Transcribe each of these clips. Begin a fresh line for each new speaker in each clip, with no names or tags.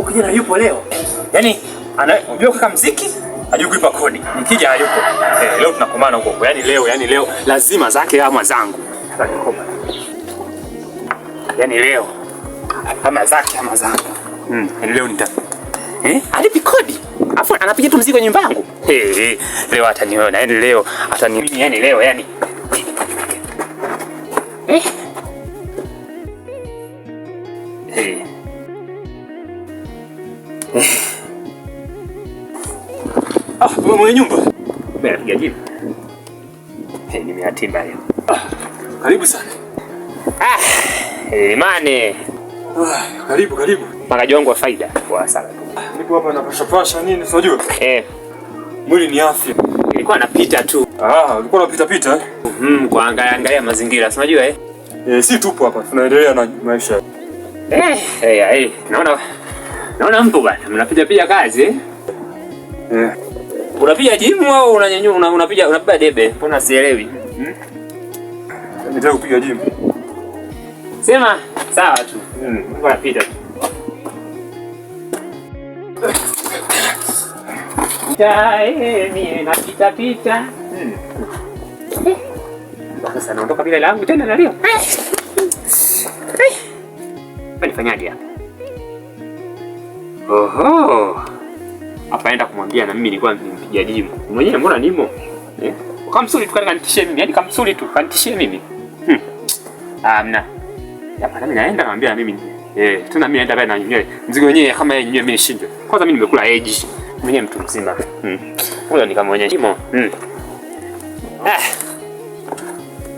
huyu kijana yupo leo. yani anajua kaka mziki, ajui kuipa kodi. Nikija hayupo. Eh, leo tunakomana huko. yani leo, yani leo lazima zake ama zangu. yani leo ama zake ama zangu. Mm, yani leo nita Eh, alipi kodi. Afu anapiga tu mzigo nyumba yangu. Eh, hey, eh. leo ataniona. yani leo ataniona. yani leo, yani Eh. Hey. Eh.
Ah, wewe mwenye nyumba.
Nimepiga jibu. Hey, nimeatimba leo.
Ah, karibu sana.
Ah, eh, imani. Ah, karibu karibu. Makaji wangu wa faida kwa sana.
Ah, nipo hapa na pasha pasha nini unajua? Eh. Mwili ni afya.
Nilikuwa napita tu.
Ah, ulikuwa unapita pita eh?
Mhm, kwa angalia angalia mazingira, unajua eh?
Eh, si tupo hapa, tunaendelea na maisha.
Eh, hey, eh, eh, hey, naona Naona mpo bana, mnapiga pia kazi eh? Unapiga gym au unanyanyua unapiga unapiga debe? Mbona sielewi? Hmm?
Nataka kupiga gym.
Sema sawa tu. Mm, unapita Chai, eh, Mimi napita pita. Mm. Sasa naondoka bila langu tena nalio. Eh. leo. Nifanyaje hapa? Oho. apaenda kumwambia na mimi nilikuwa nimpigia dimu. Mwenyewe mbona nimo? Eh? Kamsuli tu kanitishie mimi, yani kamsuli tu kanitishie mimi. Hmm. Ah, mna. Hapa nami naenda kumwambia na mimi. Eh, tena mimi naenda pale na nywele. Mzigo wenyewe kama yeye nywele mimi nishinde. Kwanza mimi nimekula edge. Mwenyewe mtu mzima. Hmm. Huyo ni kama mwenyewe. Imo. Hmm. Ah.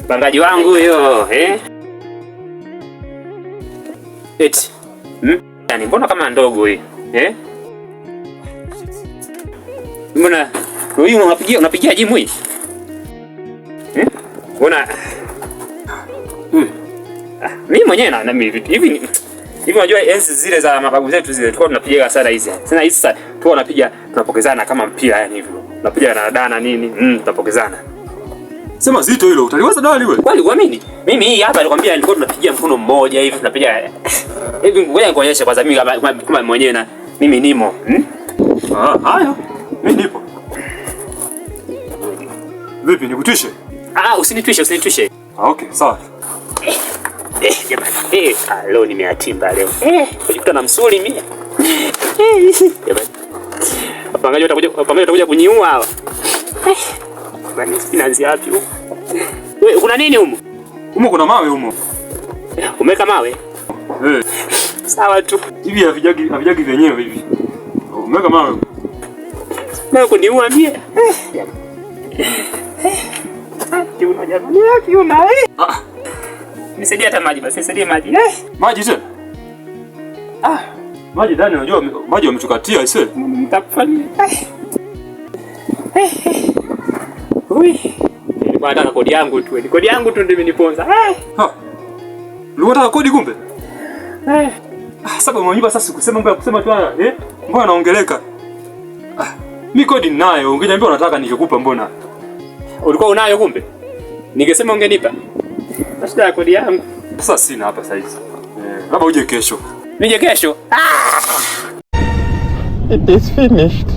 Bangaji wangu huyo, eh? Eti. Hmm? Yani mbona kama ndogo hii? Eh? Mbona wewe unapigia unapigia jimu hii? Eh? Mbona Hmm. Ah, mimi mwenyewe na mimi vitu hivi hivi unajua enzi zile za mababu zetu zile tulikuwa tunapiga sana hizi. Sina hizi sana. Tulikuwa tunapiga tunapokezana kama mpira yani hivyo. Tunapiga na dana nini? Mm, tunapokezana.
Sema zito hilo, utaliwaza dawa liwe.
Kwani uamini? Mimi hii hapa nilikwambia nilikuwa tunapiga mkono mmoja hivi tunapiga. Eh, hivi ngoja nikuonyeshe kwanza mimi kama mwenyewe na mimi nimo hmm?
Ah, hayo mimi nipo. Vipi, nikutishe?
Ah, usinitwishe, usinitwishe.
Ah, okay, sawa. Eh,
eh, jamani. Eh, ah, leo nimeatimba leo. Eh, nilikuta na msuli mimi. Eh, jamani. Wapangaji watakuja, wapangaji watakuja kuniua hawa. Eh. Bani, sinaanzia wapi huko? Wewe kuna nini humo?
Humo kuna mawe humo. Umeka mawe? Eh sawa tu. Hivi havijagi havijagi vyenyewe hivi. Mweka mawe.
Mawe kuniua mie. Kiuna jamani, kiuna. Ah. Nisaidie hata maji basi, nisaidie maji. Eh. Eh. Maji tu. Ah.
Maji ndani unajua maji wamechukatia ise.
Nitakufanyia. Eh. Ui. Nilikuwa nataka kodi yangu tu. Kodi yangu tu ndio imeniponza.
Ah. Luta kodi kumbe? Eh. Ah, sasa kwa manyumba sasa kusema ngoja kusema tu eh? Mbona naongeleka? Ah, mimi kodi ninayo. Ungeniambia unataka nikikupa mbona?
Ulikuwa unayo kumbe? Ningesema ungenipa. Nashida ya kodi yangu.
Sasa sina hapa sasa hivi. Eh, labda uje kesho.
Nije kesho. Ah! It is finished.